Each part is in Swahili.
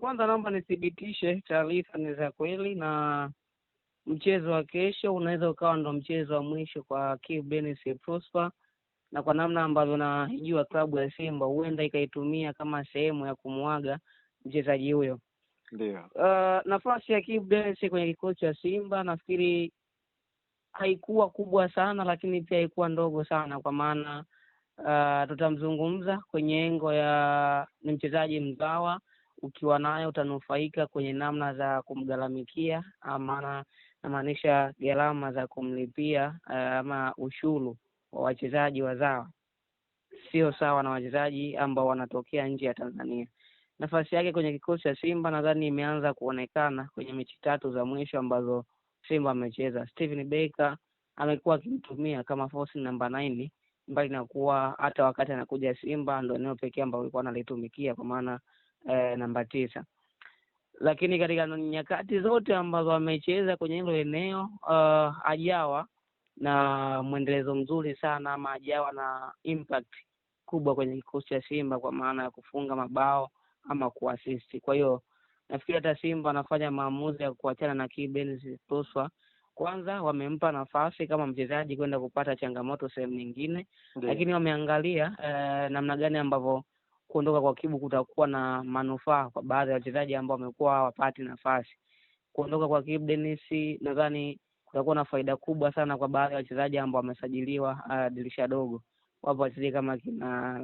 Kwanza naomba nithibitishe taarifa ni za kweli, na mchezo wa kesho unaweza ukawa ndo mchezo wa mwisho kwa KBC Prosper, na kwa namna ambavyo najua klabu ya Simba huenda ikaitumia kama sehemu ya kumwaga mchezaji huyo. Ndio. Uh, nafasi ya KBC kwenye kikosi cha Simba nafikiri haikuwa kubwa sana, lakini pia haikuwa ndogo sana, kwa maana uh, tutamzungumza kwenye engo ya ni mchezaji mzawa ukiwa nayo utanufaika kwenye namna za kumgharamikia, ah, maana namaanisha gharama za kumlipia ah, ama ushuru wa wachezaji wazawa, sio sawa na wachezaji ambao wanatokea nje ya Tanzania. Nafasi yake kwenye kikosi cha Simba nadhani imeanza kuonekana kwenye mechi tatu za mwisho ambazo Simba amecheza. stehen Baker amekuwa akimtumia kama fosi namba 9 mbali na kuwa hata wakati anakuja Simba ndo eneo pekee ambao alikuwa analitumikia kwa maana eh, namba tisa, lakini katika nyakati zote ambazo amecheza kwenye hilo eneo uh, ajawa na mwendelezo mzuri sana ama ajawa na impact kubwa kwenye kikosi cha Simba kwa maana ya kufunga mabao ama kuasisti. Kwa hiyo nafikiri hata Simba anafanya maamuzi ya kuachana na kibenzitoswa Kwanza wamempa nafasi kama mchezaji kwenda kupata changamoto sehemu nyingine, lakini wameangalia eh, namna gani ambavyo kuondoka kwa Kibu kutakuwa na manufaa kwa baadhi ya wachezaji ambao wamekuwa hawapati nafasi. Kuondoka kwa Kibu Dennis nadhani kutakuwa na faida kubwa sana kwa baadhi ya wachezaji ambao wamesajiliwa uh, dirisha dogo. Wapo wachezaji kama kina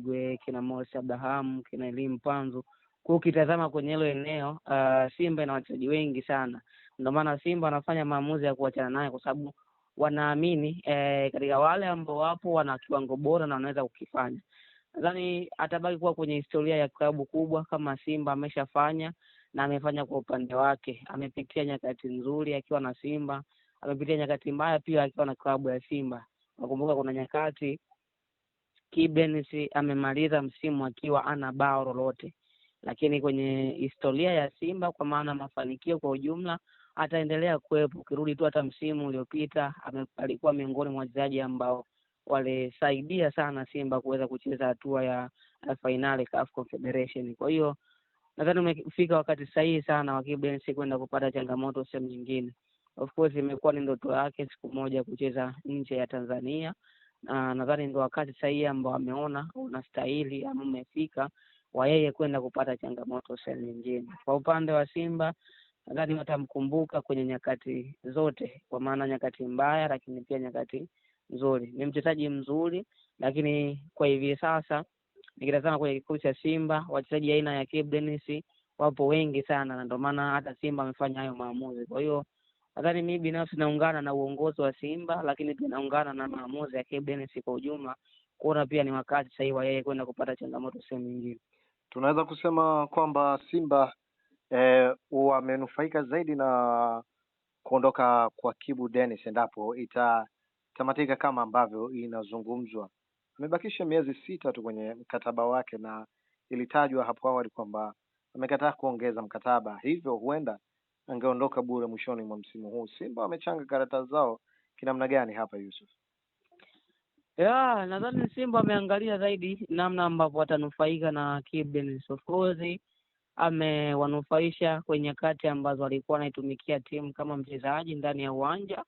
Gwe, kina Mosi Abrahamu, kina Elimu Panzu. Kwa ukitazama kwenye hilo eneo uh, Simba ina wachezaji wengi sana, ndio maana Simba wanafanya maamuzi ya kuachana naye kwa sababu wanaamini eh, katika wale ambao wapo wana kiwango bora na wanaweza kukifanya nadhani atabaki kuwa kwenye historia ya klabu kubwa kama Simba ameshafanya na amefanya kwa upande wake. Amepitia nyakati nzuri akiwa na Simba, amepitia nyakati mbaya pia akiwa na klabu ya Simba. Nakumbuka kuna nyakati Kibens amemaliza msimu akiwa ana bao lolote, lakini kwenye historia ya Simba kwa maana mafanikio kwa ujumla ataendelea kuwepo. Ukirudi tu hata msimu uliopita alikuwa miongoni mwa wachezaji ambao walisaidia sana Simba kuweza kucheza hatua ya fainali CAF Confederation. Kwa hiyo nadhani umefika wakati sahihi sana wa KBNC kwenda kupata changamoto sehemu nyingine. Of course imekuwa ni ndoto yake siku moja kucheza nje ya Tanzania, na nadhani ndo wakati sahihi ambao ameona unastahili ama umefika wa yeye kwenda kupata changamoto sehemu nyingine. Kwa upande wa Simba nadhani watamkumbuka kwenye nyakati zote, kwa maana nyakati mbaya, lakini pia nyakati nzuri, ni mchezaji mzuri, lakini kwa hivi sasa nikitazama kwenye kikosi cha Simba wachezaji aina ya Kibu wapo wengi sana, na ndio maana hata Simba amefanya hayo maamuzi. Kwa hiyo nadhani mimi binafsi naungana na uongozi wa Simba, lakini pia naungana na maamuzi ya Kibu kwa ujumla kuona pia ni wakati sahihi wa yeye kwenda kupata changamoto sehemu nyingine. Tunaweza kusema kwamba Simba eh, wamenufaika zaidi na kuondoka kwa Kibu Denis endapo ita kutamatika kama ambavyo inazungumzwa. Amebakisha miezi sita tu kwenye mkataba wake, na ilitajwa hapo awali kwamba amekataa kuongeza mkataba, hivyo huenda angeondoka bure mwishoni mwa msimu huu. Simba wamechanga karata zao kinamna gani hapa Yusuf? Yeah, nadhani Simba ameangalia zaidi namna ambavyo watanufaika na Kibu amewanufaisha kwenye kati ambazo alikuwa anaitumikia timu kama mchezaji ndani ya uwanja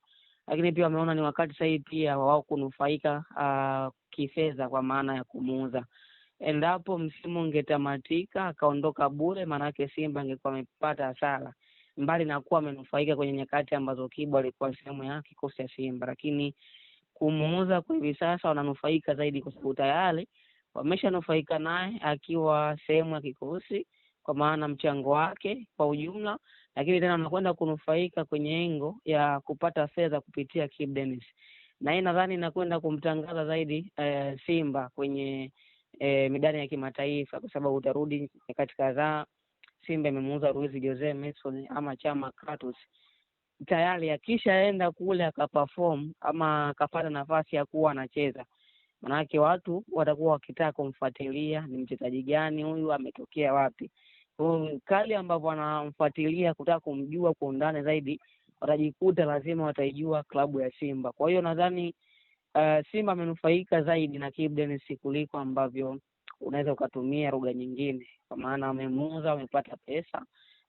lakini pia wameona ni wakati sahihi pia wao kunufaika uh, kifedha kwa maana ya kumuuza. Endapo msimu ungetamatika akaondoka bure, maanake Simba angekuwa amepata hasara, mbali na kuwa amenufaika kwenye nyakati ambazo kibwa alikuwa sehemu ya kikosi cha Simba, lakini kumuuza kwa hivi sasa wananufaika zaidi, kwa sababu tayari wameshanufaika naye akiwa sehemu ya kikosi, kwa maana mchango wake kwa ujumla lakini tena unakwenda kunufaika kwenye engo ya kupata fedha kupitia Kibu Denis, na hii nadhani inakwenda kumtangaza zaidi e, Simba kwenye e, midani ya kimataifa, kwa sababu utarudi nyakati kadhaa, Simba imemuuza Luis Jose Mason ama Chama Kratos tayari akishaenda kule akaperform ama akapata nafasi ya kuwa anacheza, manake watu watakuwa wakitaka kumfuatilia, ni mchezaji gani huyu, ametokea wapi? Mm, kali ambavyo wanamfuatilia kutaka kumjua kwa undani zaidi, watajikuta lazima wataijua klabu ya Simba. Kwa hiyo nadhani uh, Simba amenufaika zaidi na Kibu Denis kuliko ambavyo unaweza ukatumia lugha nyingine, kwa maana amemuuza, amepata pesa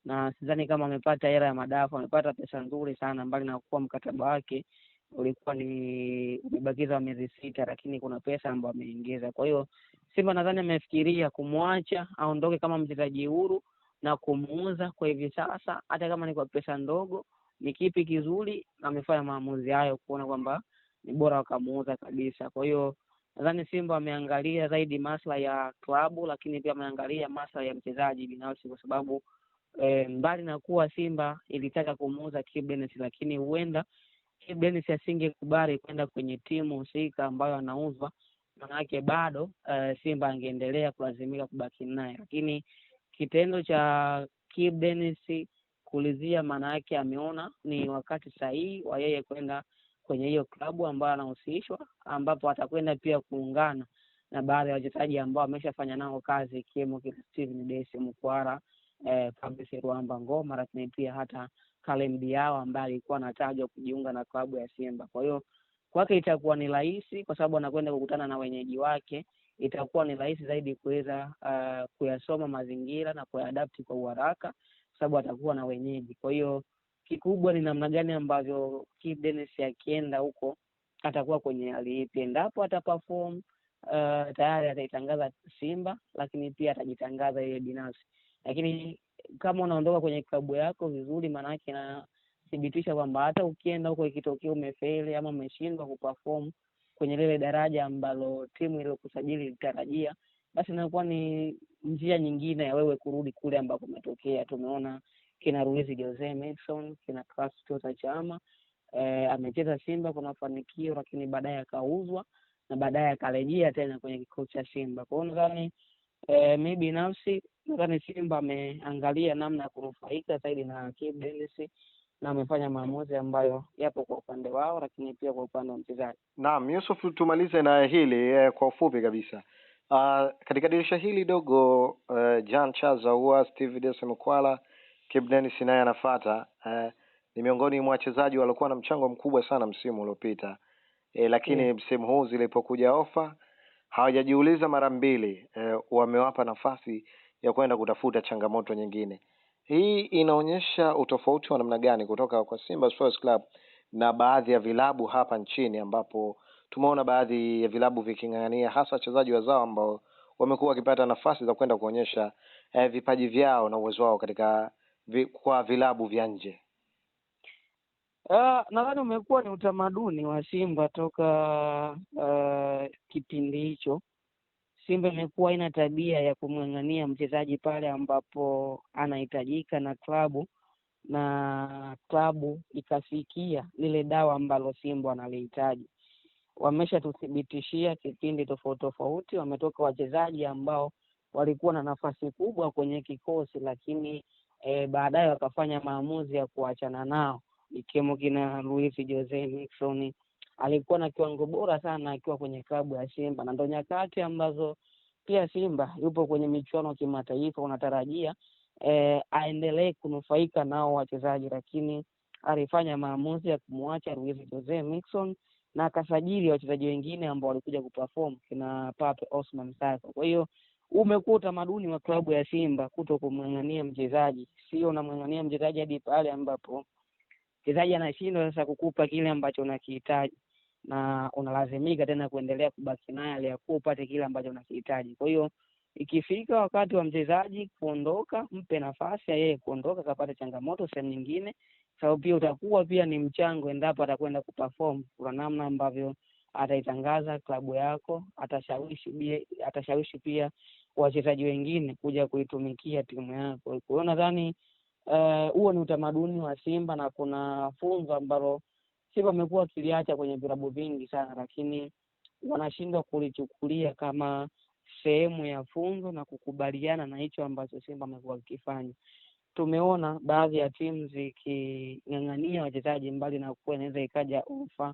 na sidhani kama amepata hela ya madafu, amepata pesa nzuri sana, mbali na kuwa mkataba wake ulikuwa ni umebakiza miezi sita, lakini kuna pesa ambayo ameingiza. Kwa hiyo Simba nadhani amefikiria kumwacha aondoke kama mchezaji huru na kumuuza kwa hivi sasa, hata kama ni kwa pesa ndogo. Ni kipi kizuri, amefanya maamuzi hayo kuona kwamba ni bora wakamuuza kabisa. Kwa hiyo nadhani Simba ameangalia zaidi maslahi ya klabu, lakini pia ameangalia maslahi ya mchezaji binafsi, kwa sababu e, mbali na kuwa Simba ilitaka kumuuza Kibenes, lakini huenda Kibenes asingekubali kwenda kwenye timu husika ambayo anauzwa, manake bado uh, Simba angeendelea kulazimika kubaki naye, lakini kitendo cha Kibu Denis kulizia, maana yake ameona ni wakati sahihi wa yeye kwenda kwenye hiyo klabu ambayo anahusishwa, ambapo atakwenda pia kuungana na baadhi ya wachezaji ambao ameshafanya nao kazi ikiwemo kina Steven Dese Mkwara, eh, Fabrice Ruamba Ngoma, lakini pia hata Kalem Diao ambaye alikuwa anatajwa kujiunga na klabu ya Simba. Kwa hiyo kwake itakuwa ni rahisi kwa sababu anakwenda kukutana na wenyeji wake, itakuwa ni rahisi zaidi kuweza uh, kuyasoma mazingira na kuyaadapti kwa uharaka kwa sababu atakuwa na wenyeji. Kwa hiyo kikubwa ni namna gani ambavyo kidenis akienda huko atakuwa kwenye hali ipi, endapo ataperform Uh, tayari ataitangaza Simba lakini pia atajitangaza yeye binafsi, lakini kama unaondoka kwenye klabu yako vizuri, maanaake na kuthibitisha kwamba hata ukienda huko ikitokea umefeli ama umeshindwa kuperform kwenye lile daraja ambalo timu iliyokusajili ilitarajia, basi inakuwa ni njia nyingine ya wewe kurudi kule ambako umetokea. Tumeona kina Ruiz Jose Mason, kina Clatous Chama eh, amecheza Simba kwa mafanikio, lakini baadaye akauzwa na baadaye akarejea tena kwenye kikosi cha Simba. Kwa hiyo nadhani eh, mi binafsi nadhani Simba ameangalia namna ya kunufaika zaidi na Kibu Denis na wamefanya maamuzi ambayo yapo kwa upande wao, lakini pia kwa upande wa mchezaji. Naam, Yusuf, tumalize na hili eh, kwa ufupi kabisa. Uh, katika dirisha hili dogo uh, Jan Charles Steve Dese Mukwala, Kibu Denis naye anafata uh, eh, ni miongoni mwa wachezaji waliokuwa na mchango mkubwa sana msimu uliopita eh, lakini mm, msimu huu zilipokuja ofa hawajajiuliza mara mbili eh, wamewapa nafasi ya kwenda kutafuta changamoto nyingine. Hii inaonyesha utofauti wa namna gani kutoka kwa Simba Sports Club na baadhi ya vilabu hapa nchini, ambapo tumeona baadhi ya vilabu viking'ang'ania hasa wachezaji wazao ambao wamekuwa wakipata nafasi za kwenda kuonyesha eh, vipaji vyao na uwezo wao katika vi, kwa vilabu vya nje. Uh, nadhani umekuwa ni utamaduni wa Simba toka uh, kipindi hicho Simba imekuwa ina tabia ya kumng'ang'ania mchezaji pale ambapo anahitajika na klabu na klabu ikafikia lile dawa ambalo Simba analihitaji. Wameshatuthibitishia kipindi tofauti tofauti, wametoka wachezaji ambao walikuwa na nafasi kubwa kwenye kikosi, lakini e, baadaye wakafanya maamuzi ya kuachana nao, ikiwemo kina Luis Jose Miquissone alikuwa na kiwango bora sana akiwa kwenye klabu ya Simba, na ndo nyakati ambazo pia Simba yupo kwenye michuano ya kimataifa, unatarajia e, aendelee kunufaika nao wachezaji, lakini alifanya maamuzi ya kumwacha Luis Jose na akasajili wachezaji wengine ambao walikuja kuperform kina Pape Osman Sako. Kwa hiyo umekuwa utamaduni wa klabu ya Simba kuto kumng'ang'ania mchezaji, sio unamng'ang'ania mchezaji hadi pale ambapo mchezaji anashindwa sasa kukupa kile ambacho unakihitaji na unalazimika tena kuendelea kubaki naye aliyakuwa upate kile ambacho unakihitaji. Kwa hiyo ikifika wakati wa mchezaji kuondoka, mpe nafasi ya yeye kuondoka akapata changamoto sehemu nyingine, sababu pia utakuwa pia ni mchango endapo atakwenda kuperform. Kuna namna ambavyo ataitangaza klabu yako, atashawishi pia, atashawishi pia wachezaji wengine kuja kuitumikia timu yako. Kwa hiyo nadhani eh, huo uh, ni utamaduni wa Simba na kuna funzo ambalo Simba wamekuwa wakiliacha kwenye vilabu vingi sana, lakini wanashindwa kulichukulia kama sehemu ya funzo na kukubaliana na hicho ambacho Simba amekuwa akifanya. Tumeona baadhi ya timu ziking'ang'ania wachezaji, mbali na kuwa inaweza ikaja ofa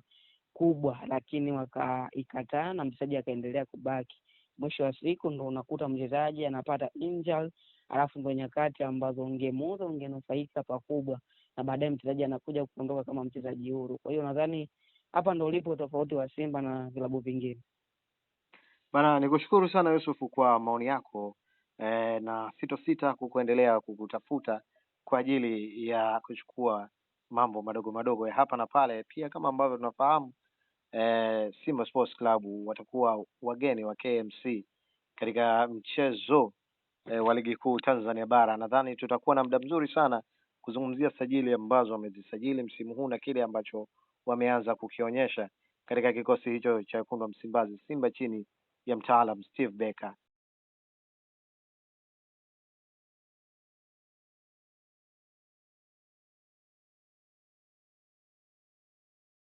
kubwa, lakini wakaikataa na mchezaji akaendelea kubaki. Mwisho wa siku ndo unakuta mchezaji anapata injury, alafu ndo nyakati ambazo ungemuza ungenufaika pakubwa na baadaye mchezaji anakuja kuondoka kama mchezaji huru. Kwa hiyo nadhani hapa ndo ulipo tofauti wa Simba na vilabu vingine. Bana, nikushukuru sana Yusufu kwa maoni yako e, na sita kukuendelea kukutafuta kwa ajili ya kuchukua mambo madogo madogo ya hapa na pale. Pia kama ambavyo tunafahamu e, Simba Sports Club watakuwa wageni wa KMC katika mchezo e, wa ligi kuu Tanzania bara. Nadhani tutakuwa na muda mzuri sana kuzungumzia sajili ambazo wamezisajili msimu huu na kile ambacho wameanza kukionyesha katika kikosi hicho cha wekundu wa Msimbazi Simba chini ya mtaalam Steve Barker.